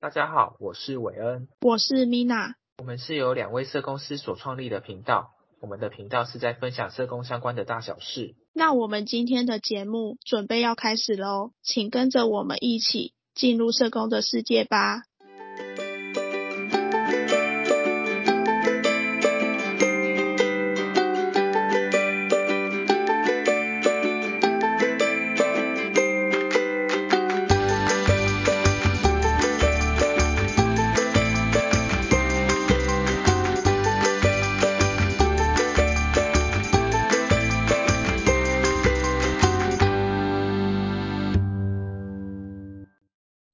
大家好，我是韋恩，我是 Mina，我們是由兩位社工師所創立的頻道，我們的頻道是在分享社工相關的大小事。那我們今天的節目準備要開始嘍，請跟着我們一起進入社工的世界吧。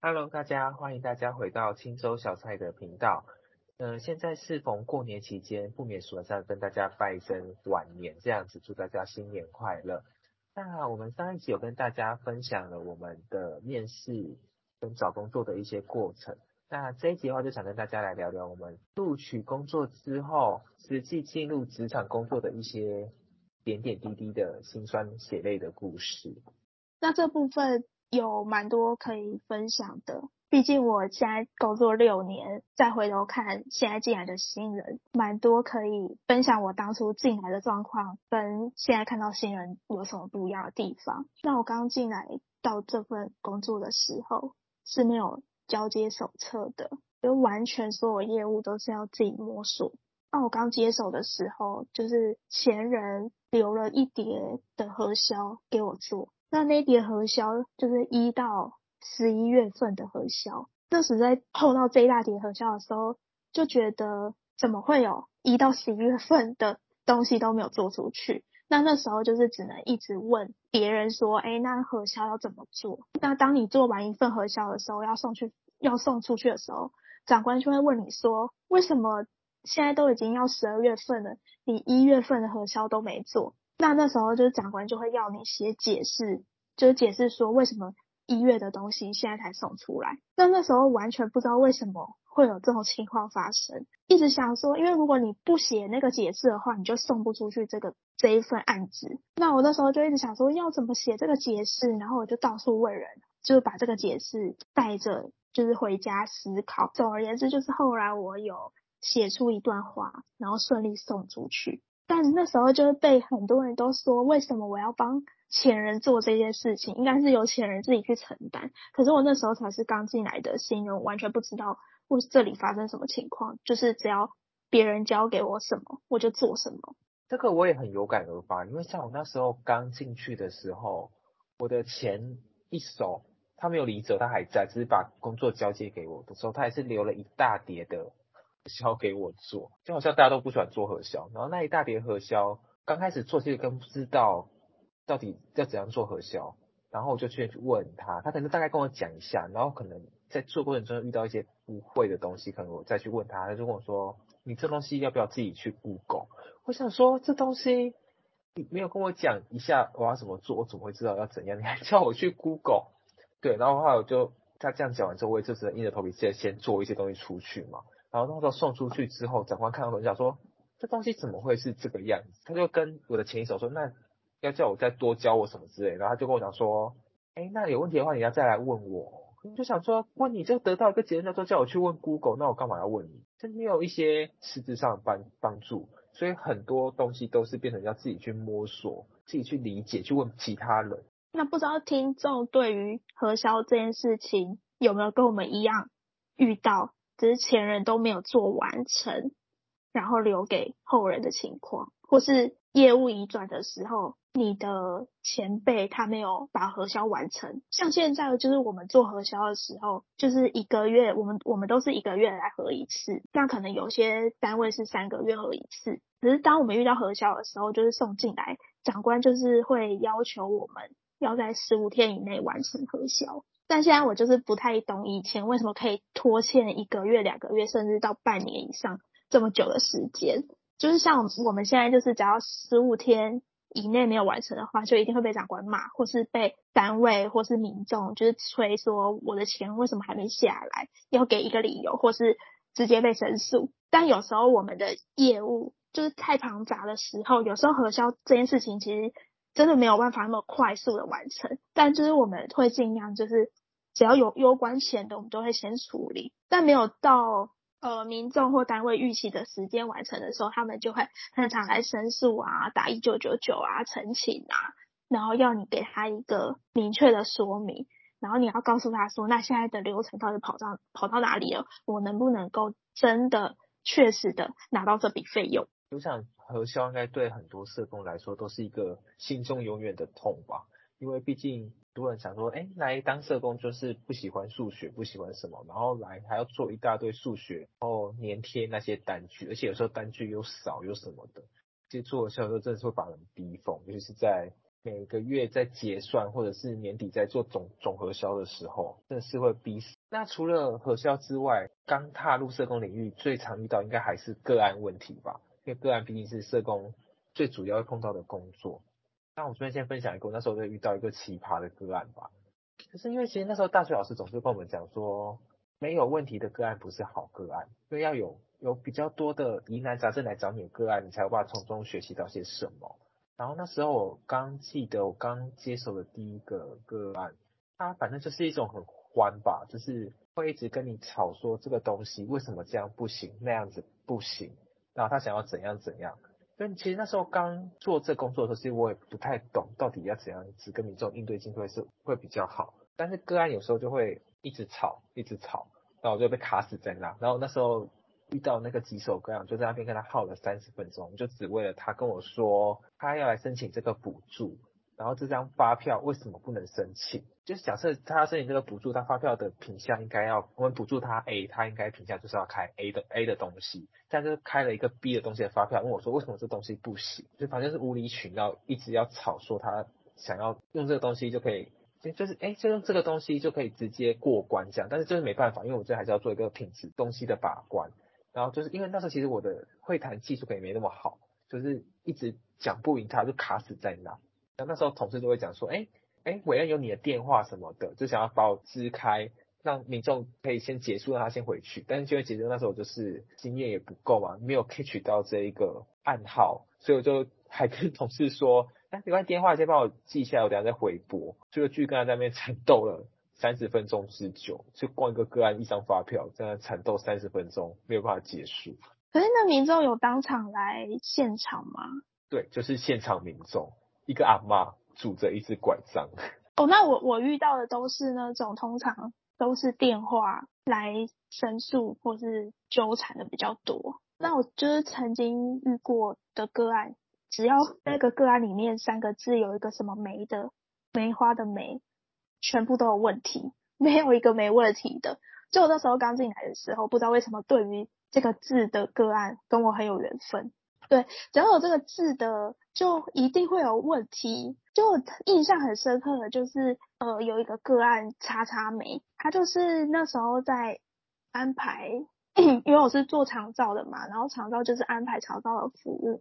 Hello，大家，歡迎大家回到青州小菜的頻道。呃、現在適逢過年期間，不免俗跟大家拜一聲晚年，這樣子祝大家新年快樂。那我們上一集有跟大家分享了我們的面試跟找工作的一些過程。那這一集的話，就想跟大家來聊聊我們錄取工作之後，實際進入職場工作的一些點點滴滴的辛酸血淚的故事。那這部分。有蠻多可以分享的，畢竟我現在工作六年，再回頭看現在進來的新人，蠻多可以分享我當初進來的狀況，跟現在看到新人有什麼不一樣的地方。那我剛進來到這份工作的時候是沒有交接手冊的，就完全所有業務都是要自己摸索。那我剛接手的時候，就是前人留了一疊的核銷給我做。那那一疊核銷就是一到十一月份的核銷，那實在碰到這一大疊核銷的時候，就覺得怎麼會有一到十一月份的東西都沒有做出去？那那時候就是只能一直問別人說，哎、欸，那核銷要怎麼做？那當你做完一份核銷的時候，要送去要送出去的時候，長官就會問你說，為什麼現在都已經要十二月份了，你一月份的核銷都沒做？那那時候就是長官就會要你寫解釋，就是解釋說為什麼一月的東西現在才送出來。那那時候完全不知道為什麼會有這種情況發生，一直想說，因為如果你不寫那個解釋的話，你就送不出去這個這一份案子。那我那時候就一直想說要怎麼寫這個解釋，然後我就到處問人，就是把這個解釋帶着，就是回家思考。總而言之，就是後來我有寫出一段話，然後順利送出去。但是，那時候就是被很多人都說，為什麼我要幫前人做這些事情？應該是由前人自己去承擔。可是我那時候才是剛進來的新人，心我完全不知道我這裡發生什麼情況。就是只要別人教給我什麼，我就做什麼。這個我也很有感而發，因為像我那時候剛進去的時候，我的前一手他沒有離走，他還在，只是把工作交接給我的時候，他還是留了一大疊的銷給我做，就好像大家都不喜歡做核銷，然後那一大疊核銷，剛開始做這個根本不知道到底要怎樣做核銷，然後我就去問他，他可能大概跟我講一下，然後可能在做過程中遇到一些不會的東西，可能我再去問他，他就跟我說：“你這東西要不要自己去 Google？” 我想說這東西你沒有跟我講一下我要怎麼做，我怎麼會知道要怎樣？你還叫我去 Google？對，然後的話我就他這樣講完之後，我也就只能硬着頭皮先先做一些東西出去嘛。然後那時候送出去之後，長官看到就想說：“這東西怎麼會是這個樣子？”他就跟我的前一手說：“那要叫我再多教我什麼之類。”然後他就跟我講說：“哎，那有問題的話，你要再來問我。”我就想說：“問你就得到一個結論，叫做叫我去問 Google，那我幹嘛要問你？就沒有一些實質上的幫幫助，所以很多東西都是變成要自己去摸索、自己去理解、去問其他人。”那不知道聽眾對於核銷這件事情有沒有跟我們一樣遇到？只是前人都沒有做完成，然後留給後人的情況，或是業務移轉的時候，你的前輩他沒有把核銷完成。像現在就是我們做核銷的時候，就是一個月，我們我們都是一個月來核一次。那可能有些單位是三個月核一次。只是當我們遇到核銷的時候，就是送進來，長官就是會要求我們要在十五天以內完成核銷。但現在我就是不太懂，以前為什麼可以拖欠一個月、兩個月，甚至到半年以上這麼久的時間？就是像我們現在，就是只要十五天以內沒有完成的話，就一定會被長官罵，或是被單位或是民眾就是催說我的錢為什麼還沒下來，要給一個理由，或是直接被申訴。但有時候我們的業務就是太龐雜的時候，有時候核銷這件事情其實真的沒有辦法那麼快速的完成，但就是我們會儘量，就是只要有攸關錢的，我們都會先處理。但沒有到呃民眾或單位預期的時間完成的時候，他們就會常常來申訴啊，打一九九九啊，陳情啊，然後要你給他一個明確的說明，然後你要告訴他說，那現在的流程到底跑到跑到哪裡了？我能不能夠真的確實的拿到這筆費用？我想核銷，應該對很多社工來說都是一個心中永遠的痛吧？因為畢竟很多人想說，哎、欸，來當社工就是不喜歡數學，不喜歡什麼，然後來還要做一大堆數學，然後粘貼那些單據，而且有時候單據又少又什麼的，就做核銷真的是會把人逼瘋。尤其是在每個月在結算，或者是年底在做總總核銷的時候，真的是會逼死。那除了核銷之外，剛踏入社工領域最常遇到應該還是個案問題吧？因為個案畢竟是社工最主要會碰到的工作，那我這邊先分享一個，我那時候就遇到一個奇葩的個案吧。就是因為其實那時候大學老師總是跟我們講說，沒有問題的個案不是好個案，因為要有有比較多的疑難雜症來找你的個案，你才有辦法從中學習到些什麼。然後那時候我剛記得我剛接手的第一個個案，他反正就是一種很歡吧，就是會一直跟你吵說這個東西為什麼這樣不行，那樣子不行。然後他想要怎樣怎樣，所以其實那時候剛做這個工作的時候，其實我也不太懂到底要怎樣子跟民眾應對進退是會比較好。但是個案有時候就會一直吵，一直吵，然後我就被卡死在那。然後那時候遇到那個棘手個案，就在那邊跟他耗了三十分鐘，就只為了他跟我說他要來申請這個補助。然後這張發票為什麼不能申請？就是假設他申請這個補助，他發票的品項應該要我們補助他 A，他應該品項就是要開 A 的 A 的東西，但是開了一個 B 的東西的發票，問我說為什麼這東西不行？就反正是無理取鬧，一直要吵說他想要用這個東西就可以，就是哎就用這個東西就可以直接過關這樣，但是就是沒辦法，因為我這還是要做一個品質東西的把關。然後就是因為那時候其實我的會談技術可以沒那麼好，就是一直講不贏他，就卡死在那。那那時候同事都會講說誒誒，韋恩有你的電話什麼的，就想要把我支開，讓民眾可以先結束，讓他先回去。但是就會結束，那時候就是經驗也不夠嘛，沒有 catch 到這一個暗號，所以我就還跟同事說，誒，你把電話先幫我記下來，我等下再回撥。就個劇跟他在那邊纏鬥了三十分鐘之久，就光一個個案一張發票，在那纏鬥三十分鐘，沒有辦法結束。可是那民眾有當場來現場嗎？對，就是現場民眾。一個阿嬤拄着一隻拐杖。哦，那我我遇到的都是那種通常都是電話來申訴或是糾纏的比較多。那我就是曾經遇過的個案，只要那個個案裡面三個字有一個什麼梅的，梅花的梅，全部都有問題，沒有一個沒問題的。就我那時候剛進來的時候，不知道為什麼對於這個字的個案跟我很有緣分。對，只要有這個字的，就一定會有問題。就印象很深刻的就是，呃，有一個個案，叉叉梅，他就是那時候在安排，因為我是做長照的嘛，然後長照就是安排長照的服務。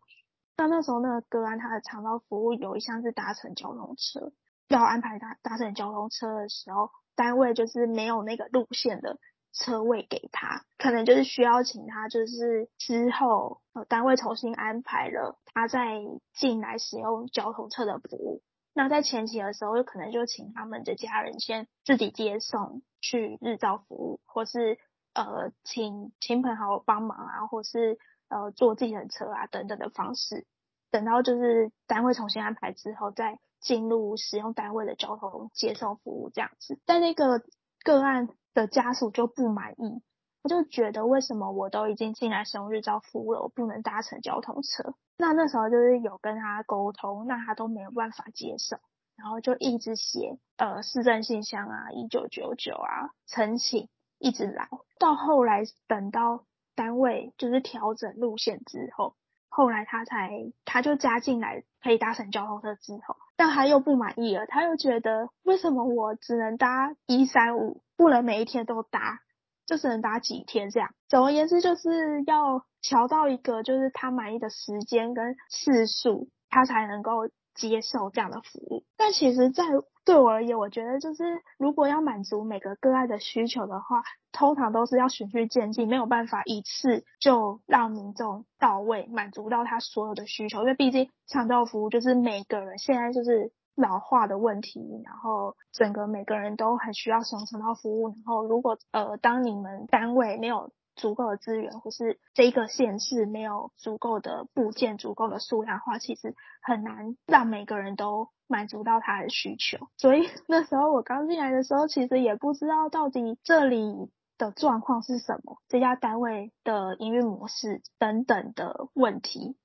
那那時候那個個案，他的長照服務有一項是搭乘交通車，要安排搭搭乘交通車的時候，單位就是沒有那個路線的。車位給他，可能就是需要請他，就是之後、呃、單位重新安排了，他再進來使用交通車的服務。那在前期的時候，可能就請他們的家人先自己接送去日照服務，或是呃請親朋好友幫忙啊，或是呃坐自己的車啊等等的方式，等到就是單位重新安排之後，再進入使用單位的交通接送服務這樣子。但那個。個案的家屬就不滿意，他就覺得為什麼我都已經進來使用日照服務了，我不能搭乘交通車？那那時候就是有跟他溝通，那他都沒有辦法接受，然後就一直寫呃市政信箱啊，一九九九啊，陳情一直來，到後來等到單位就是調整路線之後，後來他才他就加進來可以搭乘交通車之後。但他又不滿意了，他又覺得為什麼我只能搭一三五，不能每一天都搭，就只能搭幾天這樣。總而言之，就是要調到一個就是他滿意的時間跟次數，他才能夠接受這樣的服務。但其實，在對我而言，我覺得就是如果要滿足每個個案的需求的話，通常都是要循序漸進，沒有辦法一次就讓民眾到位滿足到他所有的需求。因為畢竟長照服務就是每個人現在就是老化的問題，然後整個每個人都很需要使用長照服務。然後如果呃，當你們單位沒有。足夠的資源，或、就是這個縣市沒有足夠的部件、足夠的數量的話，其實很難讓每個人都滿足到他的需求。所以那時候我剛進來的時候，其實也不知道到底這裡的狀況是什麼，這家單位的營運模式等等的問題。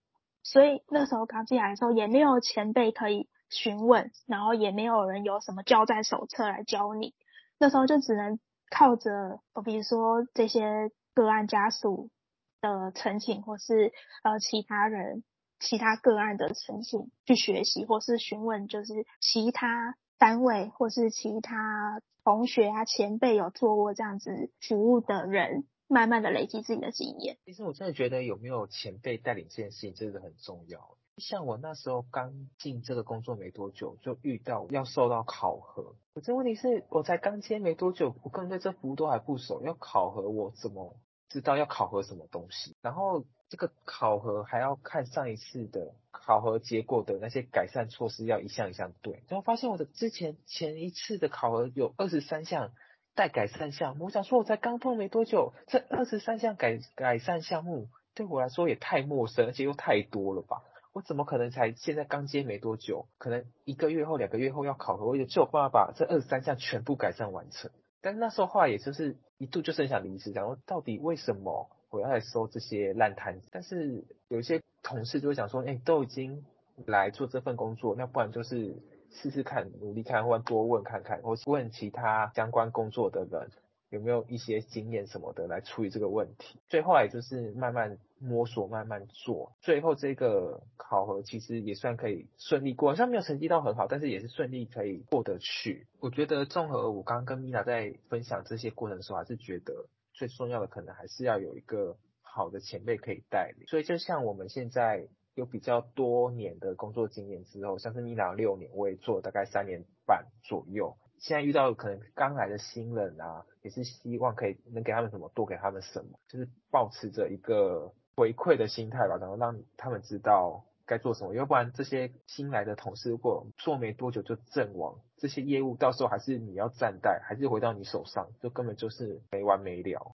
所以那時候剛進來的時候，也沒有前輩可以詢問，然後也沒有人有什麼教戰手冊來教你。那時候就只能靠着我，比如說這些。個案家屬的陳情，或是呃其他人、其他個案的陳情，去學習或是詢問，就是其他單位或是其他同學啊、前輩有做過這樣子服務的人，慢慢的累積自己的經驗。其實我真的覺得有沒有前輩帶領這件事情，真的很重要。像我那時候剛進這個工作沒多久，就遇到要受到考核，可是問題是，我才剛接沒多久，我個人對這服務都還不熟，要考核我怎麼？知道要考核什麼東西，然後這個考核還要看上一次的考核結果的那些改善措施要一項一項對。然後發現我的之前前一次的考核有二十三項待改善項目，我想說我才剛碰沒多久，這二十三項改改善項目對我來說也太陌生，而且又太多了吧？我怎麼可能才現在剛接沒多久，可能一個月後、兩個月後要考核，我也就只有辦法把這二十三項全部改善完成。但那時候話，也就是一度就是很想離職，然後到底為什麼我要來收這些爛攤子？但是有一些同事就會想說，哎、欸，都已經來做這份工作，那不然就是試試看，努力看，或者多問看看，或問其他相關工作的人。有沒有一些經驗什麼的來處理這個問題？最後也就是慢慢摸索，慢慢做。最後這個考核其實也算可以順利過，好像沒有成績到很好，但是也是順利可以過得去。我覺得綜合而我剛剛跟米娜在分享這些過程的時候，還是覺得最重要的可能還是要有一個好的前輩可以帶領。所以就像我們現在有比較多年的工作經驗之後，像是米娜六年，我也做大概三年半左右。現在遇到可能剛來的新人啊，也是希望可以能給他們什麼，多給他們什麼，就是保持着一個回饋的心態吧，然後讓他們知道該做什麼。要不然這些新來的同事如果做沒多久就陣亡，這些業務到時候還是你要站台，還是回到你手上，就根本就是沒完沒了。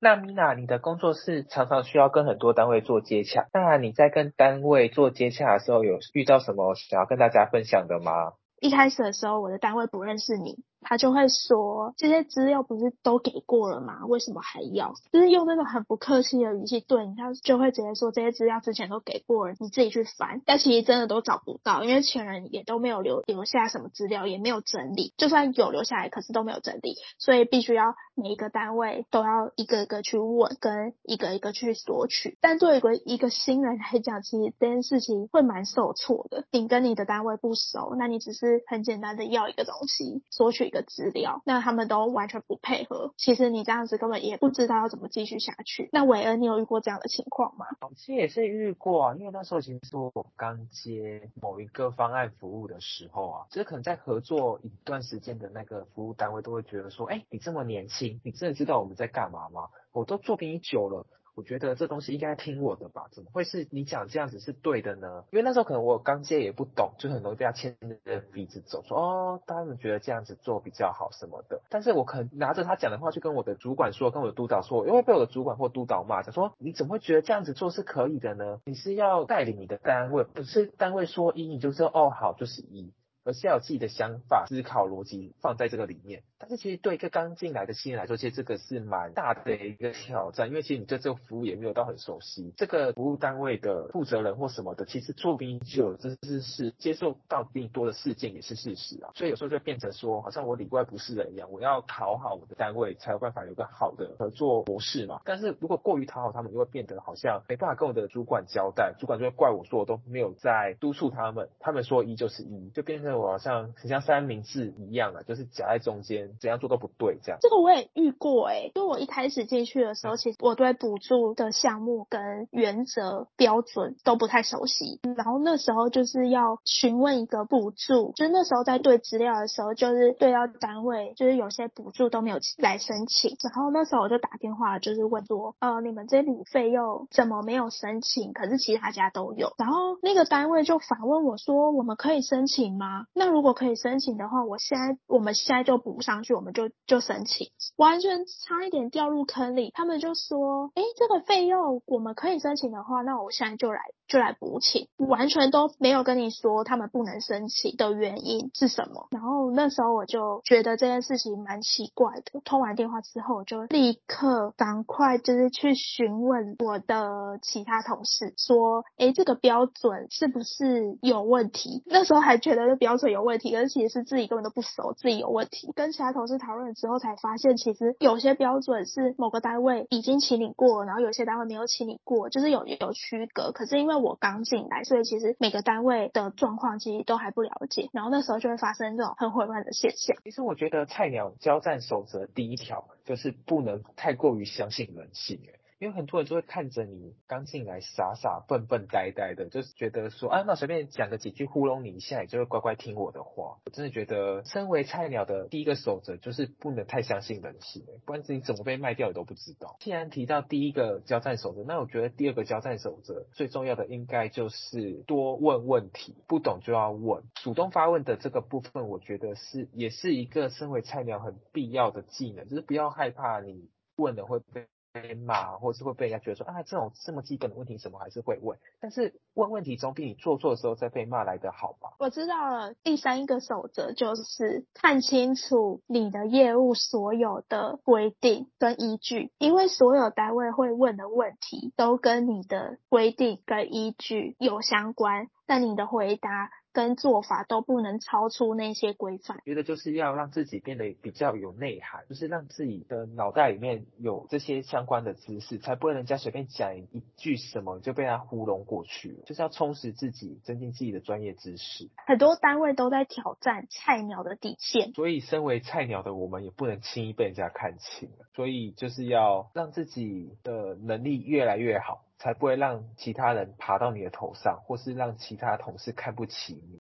那 Mina，你的工作是常常需要跟很多單位做接洽。那你在跟單位做接洽的時候，有遇到什麼想要跟大家分享的嗎？一開始的時候，我的單位不認識你。他就會說，這些資料不是都給過了嗎？為什麼還要？就是用那種很不客氣的語氣對你。他就會直接說，這些資料之前都給過了，你自己去翻。但其實真的都找不到，因為前人也都沒有留留下什麼資料，也沒有整理。就算有留下來，可是都沒有整理，所以必須要每一個單位都要一個一個去問，跟一個一個去索取。但作為一個一個新人來講，其實這件事情會蠻受挫的。你跟你的單位不熟，那你只是很簡單的要一個東西索取。一個資料，那他們都完全不配合，其實你這樣子根本也不知道要怎麼繼續下去。那偉恩，你有遇過這樣的情況嗎？其實也是遇過啊，因為那時候其實是我剛接某一個方案服務的時候啊，其實、就是、可能在合作一段時間的那個服務單位都會覺得說，欸，你這麼年輕，你真的知道我們在幹嘛嗎？我都做比你久了。我覺得這東西應該聽我的吧？怎麼會是你講這樣子是對的呢？因為那時候可能我剛接也不懂，就很容易被他牽着鼻子走，說哦，他們覺得這樣子做比較好什麼的。但是我可能拿着他講的話去跟我的主管說，跟我的督導說，因為被我的主管或督導罵，他說你怎麼會覺得這樣子做是可以的呢？你是要帶領你的單位，不是單位說一你就說哦好就是一，而是要有自己的想法、思考邏輯放在這個裡面。但是其實對一個剛進來的新人來說，其實這個是蠻大的一個挑戰，因為其實你對這個服務也沒有到很熟悉。這個服務單位的負責人或什麼的，其實說不定就真的是接受到比較多的事件也是事實啊。所以有時候就會變成說，好像我裡外不是人一樣，我要討好我的單位才有辦法有個好的合作模式嘛。但是如果過於討好他們，就會變得好像沒辦法跟我的主管交代，主管就會怪我說我都沒有在督促他們，他們說一就是一，就變成我好像很像三明治一樣啊，就是夾在中間。怎樣做都不對，這樣這個我也遇過誒、欸，因為我一開始進去的時候，嗯、其實我對補助的項目跟原則標準都不太熟悉，然後那時候就是要詢問一個補助，就是那時候在對資料的時候，就是對到單位，就是有些補助都沒有來申請，然後那時候我就打電話就是問說，呃，你們這旅費又怎麼沒有申請？可是其他家都有，然後那個單位就反問我說，我們可以申請嗎？那如果可以申請的話，我現在我們現在就補上。去我們就就申請，完全差一點掉入坑裡。他們就說：“欸，這個費用我們可以申請的話，那我現在就來就來補請。”完全都沒有跟你說他們不能申請的原因是什麼。然後那時候我就覺得這件事情蠻奇怪的。通完電話之後，我就立刻趕快就是去詢問我的其他同事，說：“欸，這個標準是不是有問題？”那時候還覺得這標準有問題，而其實是自己根本都不熟，自己有問題，跟其他。同事討論之後，才發現其實有些標準是某個單位已經清理過，然後有些單位沒有清理過，就是有有區隔。可是因為我剛進來，所以其實每個單位的狀況其實都還不了解，然後那時候就會發生這種很混亂的現象。其實我覺得菜鳥交戰守則第一條就是不能太過於相信人性。因為很多人就會看着你剛進來傻傻笨笨呆呆的，就是覺得說啊，那隨便講個幾句糊弄你一下，你就會乖乖聽我的話。我真的覺得，身為菜鳥的第一個守則就是不能太相信人性，不然你怎麼被賣掉你都不知道。既然提到第一個交戰守則，那我覺得第二個交戰守則最重要的應該就是多問問題，不懂就要問，主動發問的這個部分，我覺得是也是一個身為菜鳥很必要的技能，就是不要害怕你問了會被。被罵，或是會被人家覺得說啊，這種這麼基本的問題，怎麼還是會問？但是問問題總比你做錯的時候再被罵來的好吧？我知道了。第三一個守則就是看清楚你的業務所有的規定跟依據，因為所有單位會問的問題都跟你的規定跟依據有相關，但你的回答。跟做法都不能超出那些規範，覺得就是要讓自己變得比較有內涵，就是讓自己的腦袋裡面有這些相關的知識，才不會人家隨便講一句什麼就被他糊弄過去。就是要充實自己，增進自己的專業知識。很多單位都在挑戰菜鳥的底線，所以身為菜鳥的我們也不能輕易被人家看輕。所以就是要讓自己的能力越來越好。才不會讓其他人爬到你的頭上，或是讓其他同事看不起你。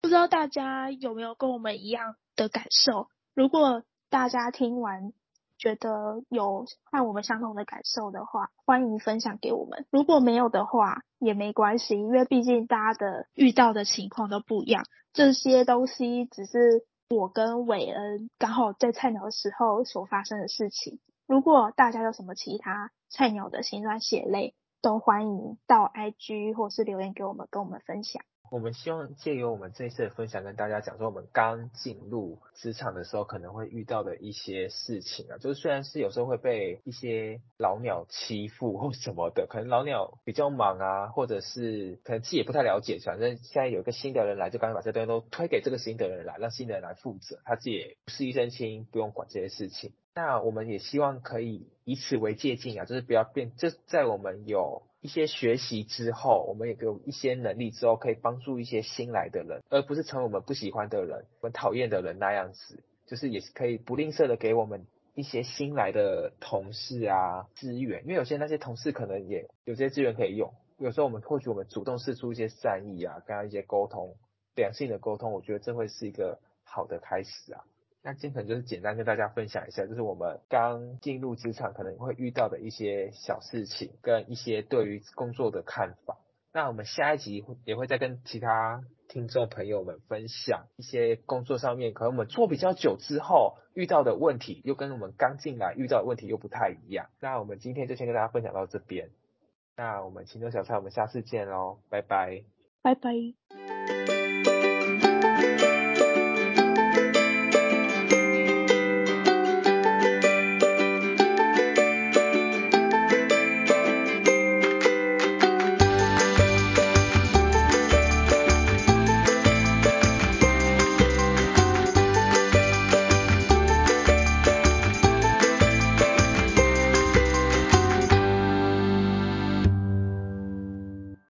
不知道大家有沒有跟我們一樣的感受？如果大家聽完覺得有跟我們相同的感受的話，歡迎分享給我們。如果沒有的話也沒關係，因為畢竟大家的遇到的情況都不一樣。這些東西只是我跟偉恩剛好在菜鳥的時候所發生的事情。如果大家有什麼其他菜鳥的心酸血淚，都歡迎到 IG 或是留言給我們，跟我們分享。我們希望借由我們這一次的分享，跟大家講說，我們剛進入職場的時候，可能會遇到的一些事情啊，就是雖然是有時候會被一些老鳥欺負或什麼的，可能老鳥比較忙啊，或者是可能自己也不太了解，反正現在有一個新的人來，就剛剛把這些東西都推給這個新的人來，讓新的人來負責，他自己也不是一身輕，不用管這些事情。那我們也希望可以以此為借鏡啊，就是不要變，就在我們有一些學習之後，我們也有一些能力之後，可以幫助一些新來的人，而不是成為我們不喜歡的人、我們討厭的人那樣子。就是也是可以不吝嗇的給我們一些新來的同事啊資源，因為有些那些同事可能也有這些資源可以用。有時候我們或許我們主動釋出一些善意啊，跟他一些溝通，良性的溝通，我覺得這會是一個好的開始啊。那今天可能就是簡單跟大家分享一下，就是我們剛進入職場可能會遇到的一些小事情，跟一些對於工作的看法。那我們下一集也會再跟其他聽眾朋友們分享一些工作上面，可能我們做比較久之後遇到的問題，又跟我們剛進來遇到的問題又不太一樣。那我們今天就先跟大家分享到這邊。那我們秦州小菜，我們下次見嘍，拜拜。拜拜。